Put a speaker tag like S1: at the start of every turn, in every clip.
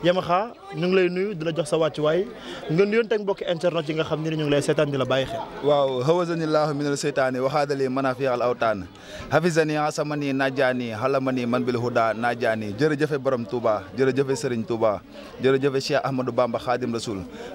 S1: Yamaha ñu ngi lay
S2: nuyu di jox sa way nga nuyu tek mbokk internet yi nga xamni ñu ngi lay setan di la xel waaw hawazani llahu shaytan wa hadali manafi al awtan hafizani asmani najani halamani man bil huda jere jërëjëfe borom touba jërëjëfe serigne touba jërëjëfe cheikh ahmadou bamba khadim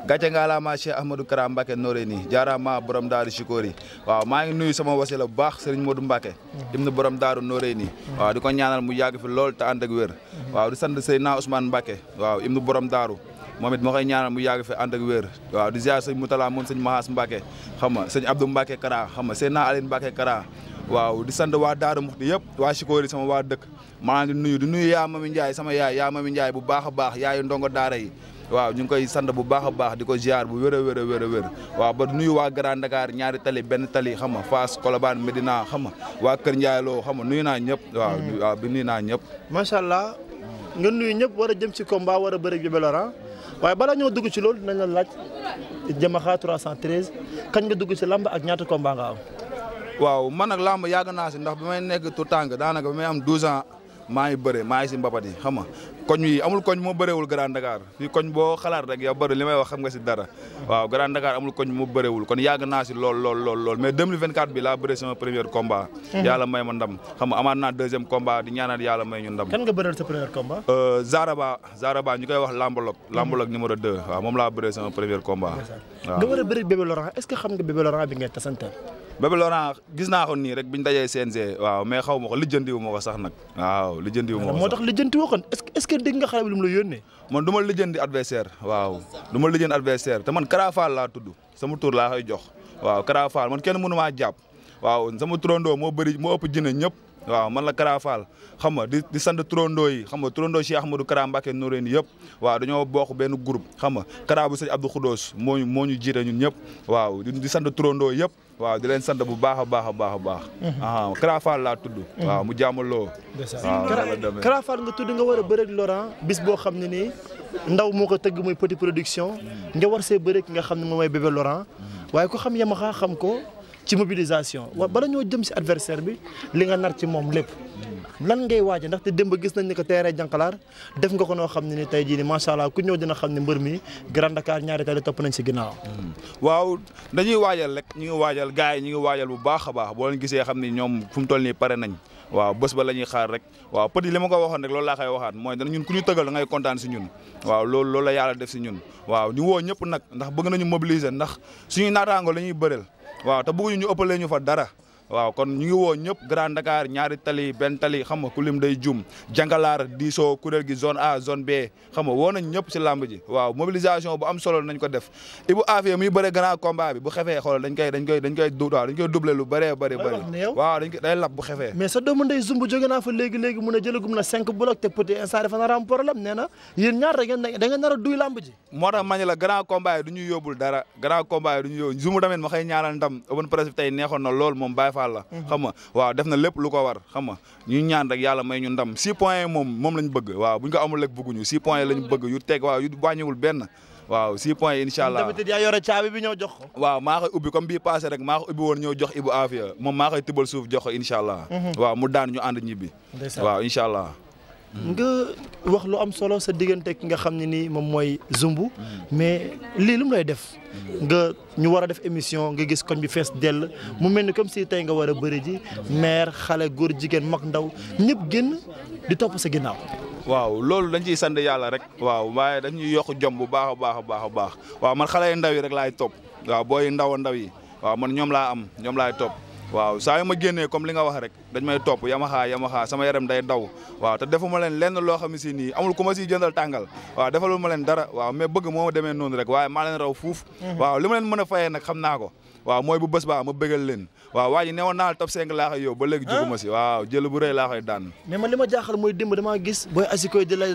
S2: nga la ma cheikh ahmadou karam mbake noore ni jaaraama borom daru shikori waaw ma ngi nuyu sama wasila bax serigne modou mbake dimna borom daru noore ni waaw diko ñaanal mu yag fi lol ta and ak wér waaw di sant sëriñ ousmane mbake waaw waaw ibnu borom daaru moom it ma koy ñaanal mu yàgg fi ànd ak wér waaw di ziar sëñ Moutala moom sëñ Mahas Mbacke xam nga sëñ Abdou Mbacke Kara xam nga sëñ naa Aline Mbacke Kara waaw di sant waa Daara Muxti yëpp waa Sikori sama waa dëkk maa ngi nuyu di nuyu yaa mami Ndiaye sama yaay yaa mami Ndiaye bu baax a baax yaayu ndongo daara yi waaw ñu ngi koy sant bu baax a baax di ko ziar bu wér a wér a wér a wér waaw ba nuyu waa Grand Dakar ñaari tali benn tali xam nga Fass Colobane Medina xam nga waa Kër Ndiaye loo xam nga nuyu naa ñëpp. waaw waaw bi nuyu naa ñëpp. nga nuyu ñëpp war a jëm si combat war a bëri Bébélorant ah. waaye bala ñoo dugg ci loolu dinañ la laaj Diamakha 313 kañ nga dugg si lamb ak ñaata combat nga am. waaw man nag lamb yàgg naa si ndax bi may nekk tout tànk daanaka bi may am 12 ans. maa ngi bëre maa ngi si mbapat yi xam nga koñ yi amul koñ moo bërewul Grand Dakar fii koñ boo xalaat rek ya bëri li may wax xam nga si dara waaw Grand Dakar amul koñ moo bërewul kon yàgg naa si lool lool lool lool mais 2024 bi laa bëre sama premier combat mhm. yàlla may ma ndam xam nga amaat naa deuxième combat di ñaanaat yàlla may ñu ndam kan nga bëreel sa premier combat euh, Zaraba ñu koy wax Lambalok mhm. Lambalok numéro 2 waaw moom laa bëree sama premier combat waaw nga war bi nga naa ko nii rek biñu dajee CNG waaw mais xaw ma ma sax nag waaw waaw lijjanti wu moo tax lijjanti woo kon est-ce que dégg nga xale bi lu mu la yónnee. man du ma lijjanti adversaire waaw du ma lijjanti adversaire te man Karafal laa tudd sama tur laa koy jox waaw Karafal man kenn mënu maa jàpp waaw sama turandoo moo bëri moo ëpp jinne ñëpp waaw man la Kara Fall xam nga di di sant turandoo yi xam nga turandoo Cheikh Ahmadou Kara Mbacké Noreyni yëpp waaw dañoo bokk benn group xam nga Kara bu sëñ Abdou Khoudoss moo ñu moo ñu ñëpp waaw di sant turandoo yëpp waaw leen sant bu baax a baax a baax a baax. Mhm. ah Kara laa tudd. Mhm. waaw mu jàmmaloo. waaw Kara
S1: Fall nga tudd nga war a bëreeg Laurent bis boo xam ne nii ndaw moo ko tëgg muy Petit Production mhm. nga war see bëreeg nga xam ne moom mooy bébé Laurent waaye ko xam Yamaha xam ko. ci mobilisation wa bala ñoo jëm si adversaire bi li nga nar ci moom lépp lan ngay ndax te démb gis nañ ni ko terrain Jànkalaar def nga ko noo xam ne ni tey jii ni macha allah ku ñëw dina xam ne mbër mi Grand Dakar ñaari tali topp nañ si ginnaaw
S2: hmm. waaw dañuy waajal rek ñu ngi waajal gars yi ñu ngi waajal bu baax a baax boo leen gisee xam ni ñoom fu mu toll nii pare nañ waaw bés ba la ñuy xaar rek waaw petit li ma ko waxoon rek loolu laa koy waxaat mooy dana ñun ku ñu tëgal ngay kontaan si ñun waaw loolu la yàlla def si ñun waaw ñu woo ñëpp nag ndax bëgg nañu mobiliser ndax suñuy naataango la ñuy bëreel waaw te bëgguñu ñu ëppalee ñu fa dara waaw kon ñu ngi woo ñëpp Grand Dakar ñaari tali benn tali xam nga ku lim day jum jàngalaar diisoo kuréel gi zone A zone B xam nga woo nañ ñëpp si làmb ji waaw mobilisation bu am solo nañ ko def Ibou Afia muy bëre grand combat bi bu xefee xoolal dañ koy dañ koy dañ koy waaw dañ koy doublé lu bëree bëri bëri waaw dañ koy lab bu xefee
S1: mais sa doomu ndey zumb jóge naa fa léegi-léegi mun a jëlagum na cinq bloc te peut-être instant dafa nar a am problème nee na yéen ñaar da ngeen a duy làmb ji
S2: moo tax ma ne na lool moom bàyyi Fall la xam nga waaw def na lépp lu ko war xam nga ñu ñaan rek yàlla may ñu ndam six points moom moom lañ bëgg waaw buñ ko amul rek bëgguñu six points lañ bëgg yu teg waaw yu wàññiwul benn waaw six points incha allah tamit yaa yore caabi bi ubbi comme bii passé rek maa ko ubbi woon ñëw jox Ibou Afia moom maa koy tibal suuf jox ko allah mhm. waaw mu daan ñu ànd ñibbi waaw incha allah nga
S1: wax lu am solo sa diggante ki nga xam ne ni moom mooy Zumbu. mais lii lu mu lay def. nga ñu war a def émission nga gis koñ bi fees dell. mu mel ni comme si tey nga war a bëri ji maire xale góor jigéen mag ndaw ñëpp génn di topp sa ginnaaw.
S2: waaw loolu dañ ciy sant yàlla rek. waaw waaye dañuy yokk jom bu baax a baax a baax a baax waaw man xale yu ndaw yi rek laay topp. waaw booy ndaw a ndaw yi waaw man ñoom laa am ñoom laay topp. waaw saa yu ma génnee comme li nga wax rek dañ may topp yamaxaa yamaxaa sama yaram day daw waaw te defu leen lenn loo xam ne si nii amul ku ma siy jëndal tàngal waaw defalu ma leen dara waaw mais bëgg moo deme noonu rek waaye maa leen raw fuuf mhm. waaw li mën a fayee nag xam naa ko waaw mooy bu bés baa ma bëggal leen waaw waa ji newoon naa la top 5 laa ba léegi ah. jóguma si waaw jël bu rëy laa koy daan mais man li
S1: ma jaaxal mooy démb damaa gis booy asikoy di la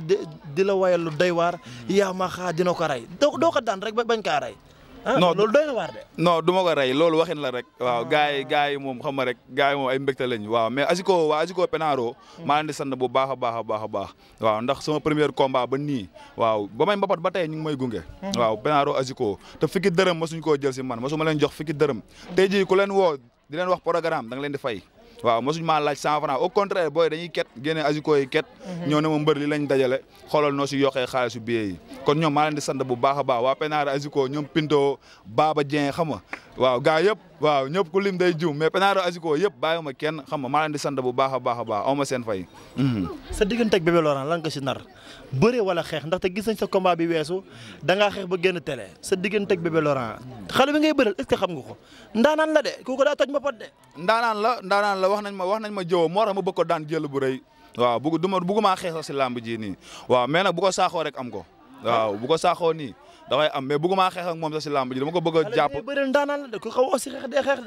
S1: di la wayal lu doy waar yaa ma xaa dina ko rey doo ko daan rek bañ kaa rey
S2: Ah, non loolu na waar de. non ma ko rey loolu waxin la rek. waaw ah. gars yi gars yi moom xam ma rek gars yi moom ay mbégte lañ waaw mais Asiko waa Asiko Penaro. Hmm. maa leen di sant bu baax a baax a baax a baax. waaw ndax sama premier combat ba nii waaw ba may mbapat ba tey ñu ngi may gunge. Hmm. waaw Penaro Asiko te fikki dërëm masuñ koo jël si man masuma leen jox fikki dërëm. Hmm. tey jii ku leen woo di leen wax programme da leen di fay. waaw mosuñ maa laaj cent franc au contraire booy dañuy ket génne asiko yi ket mhm. ñoo ne ma mbër li lañ dajale xoolal noo si yokkee xaalisu billet yi kon ñoom maa leen di sant bu baax a baax waa penaar asiko ñoom pinto baaba Dieng xam nga waaw gaa yëpp waaw ñëpp ku lim day juum mais Penaado Asiko yëpp bàyyiwuma kenn xam nga maa leen di bu baax a baax a baax aw ma seen fay. Mhm. sa digganteeg bébé Laurent lan nga si nar bëre wala xeex ndaxte gis nañ sa combat bi weesu
S1: da ngaa xeex ba génn télé sa digganteeg bébé Laurent xale bi ngay bëral est xam nga ko ndaanaan la de
S2: kooku daa toj ma pot de. ndaanaan la ndaanaan la wax nañ ma wax nañ ma jëw moo tax ma bëgg ko daan jël bu rëy waaw bëgg du ma bëggumaa xeex sax si làmb ji nii waaw mais nag bu ko saaxoo rek am ko waaw bu ko saaxoo nii dafay am mais bëgguma xeex ak moom sax si làmb ji dama ko bëgg a jàpp bëri daanaan la de xaw aussi xeex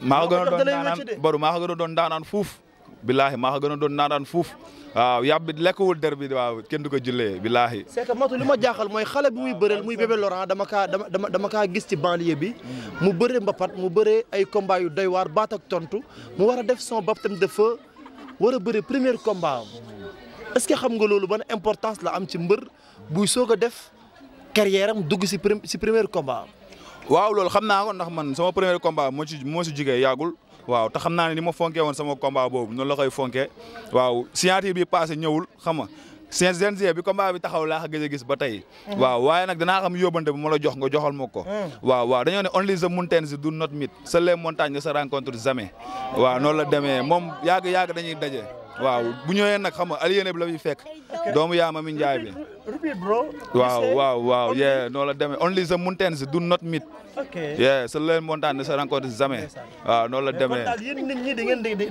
S2: maa ko a doon daanaan baru doon daanaan fuuf billaahi maa ko doon naanaan fuuf waaw yàb bi lekkwul der bi waaw kenn du ko jullee billaahi
S1: c'est que matu ma jaaxal mooy xale bu muy bëreel muy bébé Laurent dama kaa dama dama dama kaa gis ci banlieue bi hmm. mu bëree mbapat mu bëree ay combat doy waar baat ak tontu mu war a def son baptême de feu war a bëri premier combat
S2: que xam nga loolu ban importance la am ci mbër buy soog a def carrière am dugg si premier si premier combat waaw loolu xam naa ko ndax man sama premier combat moo ci moo si jugee yàggul waaw te xam naa ne ni ma fonkee woon sama combat boobu noonu la koy fonke waaw signature bi passé ñëwul xam nga CNG bi combat bi taxaw laa gëj a gis ba tey. Mm-hmm. waaw waaye nag danaa xam yóbbante bu ma la jox nga joxal ma ko. Mm. waaw waaw dañoo ne only the mountains do not meet. seules les montagnes ne se rencontrent noonu la demee moom yàgg yàgg dañuy daje. waaw bu ñëwee nag xam nga aliéné bi la ñuy fekk doomu yaama mi njaay bi waaw waaw waaw yeah noo la demee only the mountains do not meet yeah sa leen montagne ne se rencontre jamais waaw noonu la demee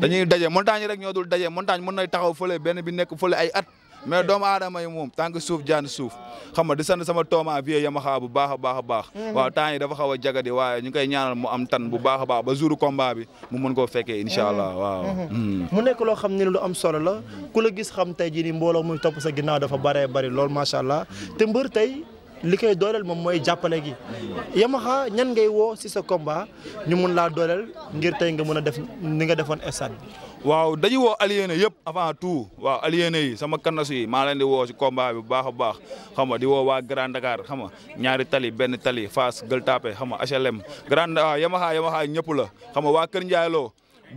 S2: dañuy daje montagne rek ñoo dul daje montagne mun na taxaw fole benn bi nekk fole ay at mais doomu aadama yi moom tànk suuf jaan suuf xam nga di sant sama tooma vie yamaxaa bu baax a baax a baax mhm. waaw temps yi dafa xaw a jagadi waaye ñu koy ñaanal mu am tan bu baax a baax ba jour combat bi mu mën koo fekkee incha mhm. allah waaw mhm.
S1: hmm. mu nekk loo xam ne lu am solo la ku la gis xam tey jii ni mbooloo muy topp sa ginnaaw dafa bare bari lool macha allah te mbër tey li koy dooleel moom mooy jàppale gi Yamaha ñan ngay woo si sa combat ñu mun laa dooleel ngir tey nga mën a def ni nga defoon stade
S2: waaw dañuy woo aliéné yëpp avant tout waaw aliéné yi sama kanasu maa leen di woo si combat bi bu baax a baax xam nga di woo waa Grand Dakar xam ñaari tali benn tali Fass gël Tapée xam nga HLM Grand ah, Yamaha Yamaha ñëpp la xam nga waa Kër Ndiaye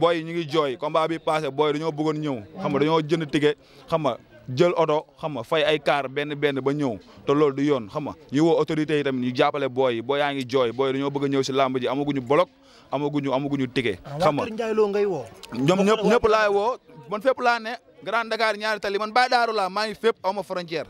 S2: booy ñu ngi jooy combat bi passé booy dañoo bëggoon ñëw xam nga dañoo jënd ticket xam nga jël oto xam nga fay ay kaar benn benn ba ñëw te loolu du yoon xam nga ñu woo yi tamit ñu jàppale booy yi booy yaa ngi jooy booy dañoo bëgg a ñëw si làmb ji amaguñu bolok amaguñu amaguñu tike. Ah, xam nga Ndiaye Lo ngay woo. ñoom ñëpp ñëpp laay woo man fépp laa ne Grand Dakar ñaari tali man Baye Darou laa maa ngi fépp aw ma frontière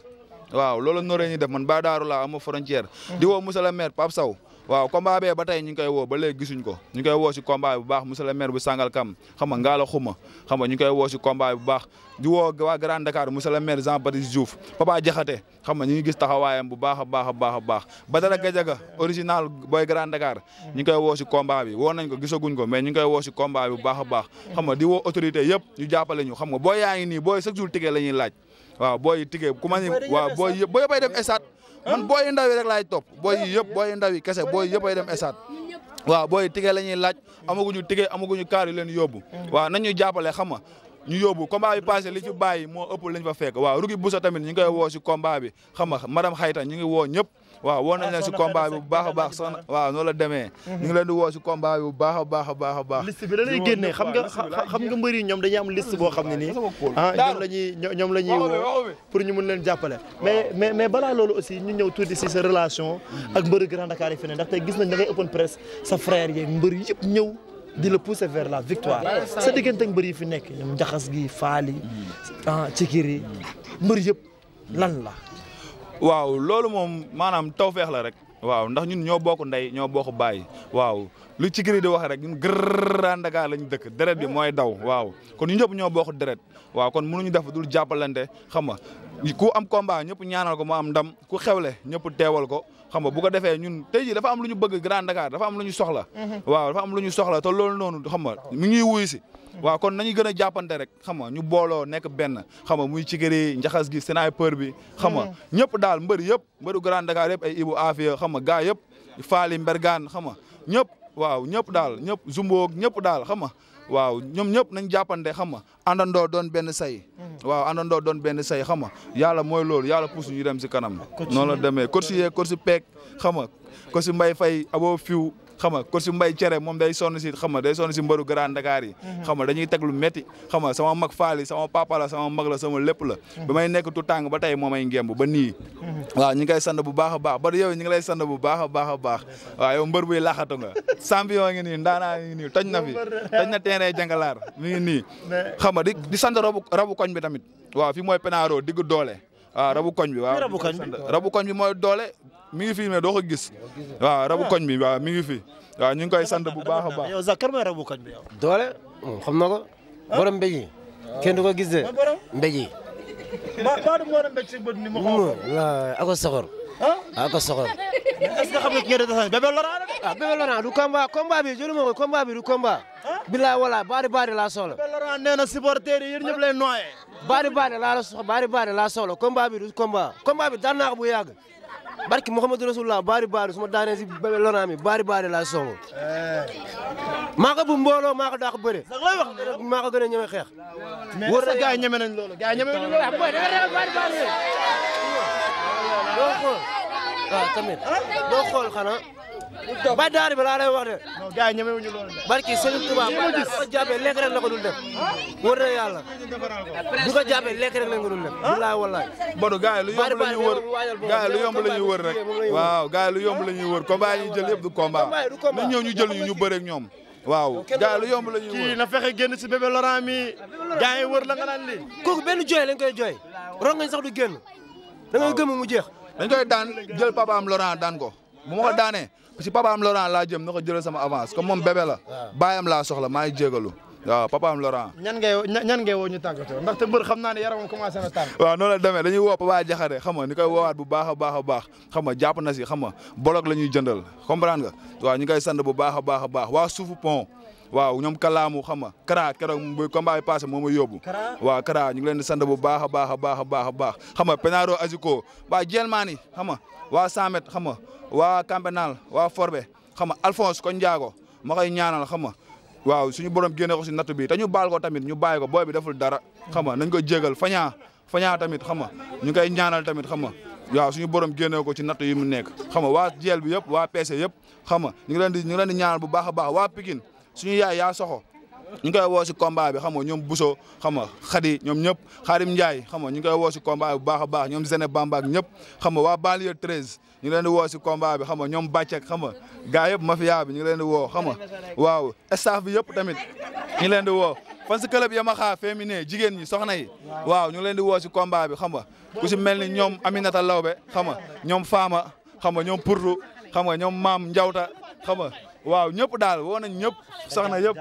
S2: waaw loolu nooree ñuy def man Baye Darou laa aw ma frontière. Mm-hmm. di woo Moussa la maire Pape Sow waaw combat bee ba tey ñu ngi woo ba léegi gisuñ ko ñu ngi woo si combat bu baax monsieur le maire bu Sangalkam xam nga a Xuma xam nga ñu ngi woo si combat bu baax di woo waa Grand Dakar monsieur le maire Jean xam nga ñu ngi gis taxawaayam bu baax a baax a baax a baax Badara Gajaga original boy Grand Dakar ñu ngi woo si combat wo woo nañ ko gisaguñ ko mais ñu ngi woo si combat bi bu baax a baax xam nga di woo autorité yëpp ñu jàppale ñu xam nga booy yaa ngi nii booy chaque jour ticket la ñuy laaj waaw booy ticket ku ma ni waaw booy yëpp booy yëppay man booy yu ndaw rek laay topp booy yi yëpp booy ndaw yi kese booy yëpp ay dem esaat waaw booy tigee la ñuy laaj amaguñu tigee amaguñu kaar yu leen yóbbu mm. waaw nañu jàppale xam nga ñu yóbbu combat bi passé li ci bàyyi moo ëpp lañ fa fekk waaw rugi busa tamit ñu ngi koy woo si combat bi xam nga madame Xayta ñu ngi woo ñëpp waaw woo nañ ah, leen si combat bi bu baax a baax sax waaw noonu la demee mhm. ñu ngi leen di woo si combat bi bu baax a baax a baax a baax liste bi la lay génnee xam nga xam nga mbër yi ñoom dañuy am liste boo xam ne nii ah ñoom la
S1: ñuy ñoom la ñuy woo pour ñu mun leen jàppale mais mais mais balaa loolu aussi ñu ñëw tuuti si sa relation ak mbëru Grand Dakar yi feneen ndax tey gis nañ da ngay open presse sa frère yeeg mbër yëpp ñëw di la pousser vers la victoire sa diggante ak mbër yi fi nekk ñoom jaxas gi faali hmm. ah cikiri mbër yëpp
S2: lan la waaw loolu moom maanaam feex la rek. waaw ndax ñun ñoo bokk ndey ñoo bokk baay waaw lu ci gëri di wax rek ñun Grand Dakar lañ dëkk deret bi mooy daw waaw kon ñu ñëpp ñoo bokk deret waaw kon mënuñu def dul jàppalante xam nga ku am combat ñëpp ñaanal ko mu am ndam ku xewle ñëpp teewal ko xam nga bu ko defee ñun tey jii dafa am lu ñu bëgg Grand Dakar dafa am lu ñu soxla mhm. waaw dafa am lu ñu soxla te loolu noonu xam nga mi ngi wuyu si mhm. waaw kon na nañu gën a jàppante rek xam nga ñu booloo nekk benn xam nga muy Cikiri njaxas gi sniper bi xam nga mhm. ñëpp daal mbër yëpp mbëru Grand Dakar yëpp ay Ibu Afia xam nga gaa yëpp faali mbergaan xam nga ñëpp waaw ñëpp daal ñëpp zumboog ñëpp daal xam nga waaw ñoom ñëpp nañ jàppante xam nga àndandoo doon benn say. Mm. waaw àndandoo doon benn say xam nga yàlla mooy loolu yàlla pousse ñu dem si kanam. noonu la demee course yeeg si peeg xam nga course mbay fay aboo fiw xam nga coach Mbaye Cere moom day sonn si xam nga day sonn si mbaru Grand Dakar yi mhm. xam nga dañuy teg lu métti xam nga sama mag faali sama papa la sama mag la sama lépp la mhm. ba may nekk tu tàng ba tey moomay ngemb ba nii mhm. waaw ñi ngi koy bu baax a baax ba yow ñu ngi lay sant bu baax a baax baax waaw yow mbër buy laxatu nga champion ngi nii ndaanaa ngi nii toj na fi toj na terrain jangalaar mi nii xam nga di di sant rabu rabu koñ bi tamit waaw fi mooy penaro digg doole waaw ah, rabu koñ bi waaw rabu koñ bi rabu doole mi fi mais doo ko gis waaw rabu koñ bi waaw mi ngi fi waaw ñu ngi koy sant bu baax a baax. yow Zakar mooy rabu koñ bi doole hmm, xam na ko ah? borom kenn du gis de mbéj
S1: yi. Hmm, a. ako soxor. Ah? ako soxor. est-ce du combat combat bi jëlu ma ko combat du combat. bilaa wala baari baari laa soxla. yi yéen ñëpp baari baari laa la soxla baari baari laa soxla combat bi du combat combat bi daan naa ko bu yàgg barki Mouhamadou Rasulullah baari baari su ma daanee si bébé lonaa mi baari baari laa soxla. Eh. maa ko bu mbooloo maa ko daa ko bëre. gën a ñeme xeex. wóor na gars yi ñeme nañ loolu gars yi ñeme nañ loolu. waaw booy da ba daari balaa lay wax de. non gars yi ñemewuñu loolu de. barki Serigne Touba ba ko jàppee lekk rek la dul def. wër na yàlla bu ko jàppee lekk rek la ko dul def. walaay ah? walaay. Badou gars lu yomb la ñuy wër gars lu yomb la ñuy wër rek. waaw gars yi lu yomb la
S2: ñu jël yëpp du combat. nañ ñu jël ñu ñu ñoom. waaw gars lu yomb la ñuy wër
S1: kii na fexe génn si bébé Laurent mi ah, gars yi wër la nga naan li kooku benn jooy
S2: lañ koy jooy rongañ sax du génn da ngay gëm mu jeex dañ koy daan jël papaam Laurent daan ko bu ma daanee si papaam Laurent laa jëm na ko jëlal sama avance comme moom bébé la. baayam laa soxla maa ngi jégalu. waaw papaam Laurent.
S1: ñan ngay woo ñan ngay woo
S2: ñu tàggatoo ndaxte mbër xam naa ne
S1: yaramam commencé na tàng.
S2: waaw noonu la demee dañuy woo Papa Jaxate xam nga ni koy woowaat bu baax a baax a baax xam nga jàpp na si xam nga bolok la ñuy jëndal comprendre nga waaw ñu koy sant bu baax a baax a baax waa suufu pont waaw ñoom kalaamu xam nga Kara keroog bu combat bi passé moo ma yóbbu. waaw Kara ñu ngi leen di sant bu baax a baax a baax a baax a baax xam nga Penaro Aziko waa Jelmaani xam nga waa Samet xam nga waa Campenal waa Forbe xam nga Alphonse ko Ndiago ma koy ñaanal xam nga waaw suñu borom génne ko si natt bi te ñu baal ko tamit ñu bàyyi ko booy bi deful dara xam nga nañ ko jégal fañaa fañaa tamit xam nga ñu koy ñaanal tamit xam nga waaw suñu borom génne ko ci natt yi mu nekk xam nga waa jeel bi yëpp waa PC e yëpp xam nga ñu ngi leen di ñu ngi leen di ñaanal bu baax a baax waa Pikine suñu yaay yaa soxo ñu koy woo si combat bi xam nga ñoom Bousso xam nga Khady ñoom ñëpp Xarim Ndiaye xam nga ñu koy woo si combat bu baax a baax ñoom Zene Bamba ak ñëpp xam nga waa banlieue 13 ñu ngi leen di woo si combat bi xam nga ñoom Bàccek xam nga gars yëpp mafia bi ñu ngi leen di woo xam nga waaw staff bi yëpp tamit ñu ngi leen di woo fan si club Yamaha féminin jigéen ñi soxna yi waaw ñu ngi leen di woo si combat bi xam nga ku si mel ni ñoom Aminata Lawbe xam nga ñoom faama xam nga ñoom Pourtu xam nga ñoom Maam Njawta xam nga waaw ñëpp daal woo nañ ñëpp soxna yëpp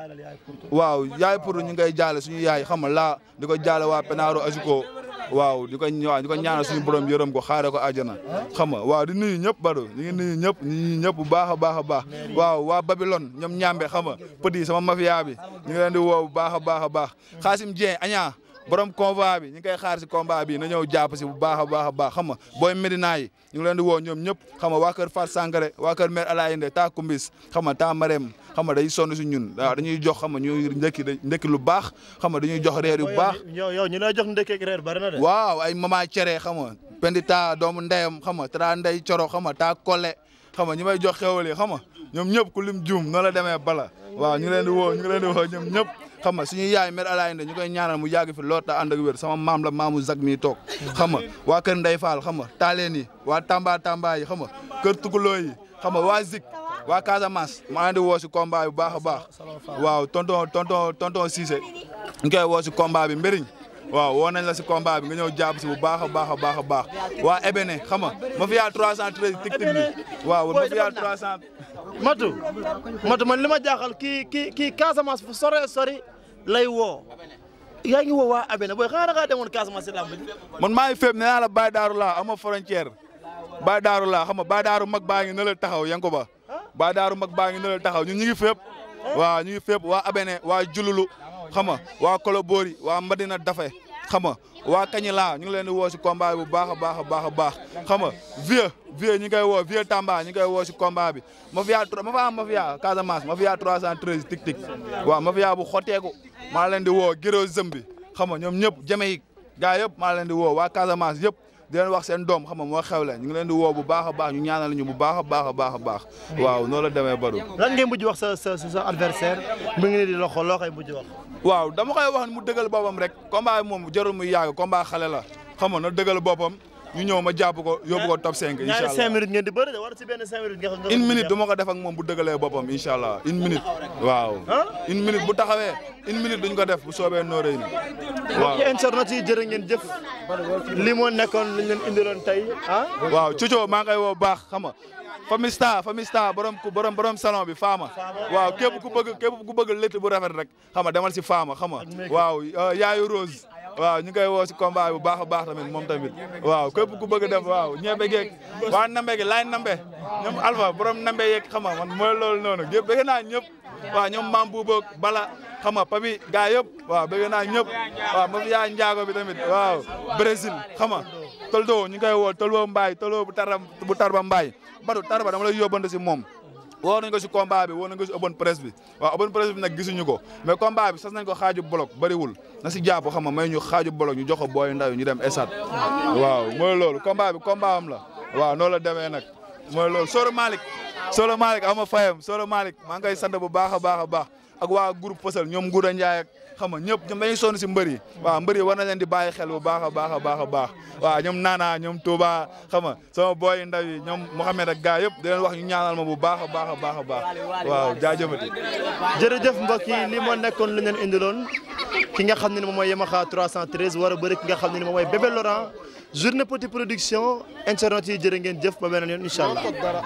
S2: waaw yaay pour ñu ngay jaale suñu yaay xam nga laa di ko jaale waa Penaro Azuko waaw di ko waaw di ko ñaanal suñu borom yërëm ko xaare ko àjjana xam nga waaw di nuyu ñëpp baro ñu ñëpp ñu ngi ñëpp bu baax a baax a baax waaw waa Babylone ñoom ñaambe xam nga pëdi sama mafia bi ñu ngi leen di woo bu baax a baax a baax Xaasim Dieng añaa borom combat bi ñu kay koy xaar si combat bi na ñëw jàpp si bu baax a baax a baax xam booy Medina yi ñu leen di woo ñoom ñëpp xam nga waa kër Fat Sangaré waa kër mère Alayinde ta Kumbis xam nga ta Marème xam nga day sonn si ñun waaw dañuy jox xam nga ñuy ndekki ndekki lu baax xam nga dañuy jox reer yu baax yow ñu lay jox ndekki ak reer bari na de waaw ay mama cere xam nga pendi ta doomu ndeyam xam nga tra ndey coro xam nga ta kole xam nga ñi may jox xewal yi xam nga ñoom ñëpp ku lim juum noonu la demee bala waaw ñu leen di woo ñu ngi leen di woo ñëpp xam nga suñu yaay mère Alaye Ndeye ñu koy ñaanal mu yàgg fi lool ta ànd ak wér sama maam la maamu Zak mi toog xam nga waa kër Ndeye Fall xam nga taaleen yi waa Tamba Tamba yi xam nga kër Tukuloo yi xam nga waa Zik waa Casamance maa ngi woo si combat bi bu baax a baax waaw tonton tonton tonton Cissé ñu koy woo si combat bi mbëriñ waaw woo nañ la si combat bi nga ñëw jàpp si bu baax a baax a baax a baax waa Ebene xam nga ma fi yaa 313 technique bi waaw ma fi yaa 300. matu matu ma jaaxal kii kii kii Casamance fu sore lay woo yaa ngi woo waa Abene booy xanaa nga demoon Casamance si làmb ji man maa ngi fépp nee naa la Baye Darou laa ama frontière Baye Darou la xam nga Baye Darou mag baa ngi ne la taxaw yaa ko ba Baye Darou mag baa ngi ne la taxaw ñun ñu ngi fépp eh? waaw waa Abene waa Jululu xam nga waa Kolobori waa Madina Dafe xam nga waa Kañila ñu ngi leen di woo si combat bu baax a baax a baax a baax xam nga vieux vieux ñu koy woo vieux Tamba ñu ngi koy woo si combat bi mafia ma fa am mafia Casamance mafia 313 tik tik waaw mafia bu xoteeku maa leen di woo Giro Zëmbi xam nga ñoom ñëpp jëme yi gaa yëpp maa leen di woo waa Casamance yëpp di leen wax seen doom xam nga moo xew la ñu ngi leen di woo bu baax baax ñu ñaanal ñu bu baax a baax a baax a baax waaw noonu la demee Badou. lan ngay wax sa sa sa adversaire mu ngi leen di loxo loo waaw dama koy wax mu dëgal boppam rek combat bi moom jarul muy yàgg combat xale la xam nga na dëgal boppam ñu ñëw ma jàpp ko yóbbu ko top 5 incha allah ñaari 5 minutes ngeen di bëri
S1: de war ci benn une minute du ma
S2: ak moom bu dëgalee boppam incha allah une minute waaw une minute bu taxawe une minute duñ ko def bu soobee nooree waaw internet yi jërë ngeen jëf li moo nekkoon liñ leen indiloon tey ah waaw Cucoo maa ngi woo baax xam nga famista famista borom ku borom borom salon bi faama waaw képp ku bëgg képp ku bëgg létt bu rafet rek xam nga demal si faama xam nga waaw euh, yaayu rose waaw ñu koy woo si combat bu baax a baax tamit moom tamit waaw képp ku bëgg dem waaw ñebe geeg waa nambe gi laay nambe ñoom alpha borom nambe yeeg xam nga man mooy loolu noonu yëpp bëgg naa ñëpp waaw ñoom maam buuboog bala xam nga papi gaa yëpp waaw bëgg naa ñëpp waaw ma fi yaa njaago bi tamit waaw brésil xam nga toldo ñu koy woo toldo mbaay toldo bu bu tarba mbaay Badou Tarba dama lay yóbbante si moom woo nañ ko si combat bi woo nañ ko si open presse bi waaw open presse bi gisuñu ko mais combat bi sas nañ ko xaaju bloc bëriwul na si jàpp xam nga may ñu xaaju bloc ñu jox ko ñu dem esat waaw mooy loolu combat bi combat am la waaw noonu la demee nag mooy loolu Soro Malick Soro Malick ama fayam Soro Malick ma ngi koy sant bu baax a baax a baax ak waa groupe Fësal ñoom Ngouda Ndiaye ak xam nga ñëpp ñoom dañuy sonn si mbër yi waaw mbër yi war na xel bu baax a baax a baax a baax waaw ñoom naanaa ñoom Touba xam nga booy yu yi ñoom Mouhamed ak gars yëpp di leen wax ñu ñaanal ma bu baax a baax a baax a baax waaw jaajëfati jërëjëf
S1: mbokk yi li moo nekkoon lu leen indiloon ki nga xam ne moom mooy Yamaha 313 war a bëri ki nga xam ni moom mooy Bébé Laurent journée petite production internet yi jërë ngeen jëf ba beneen yoon incha allah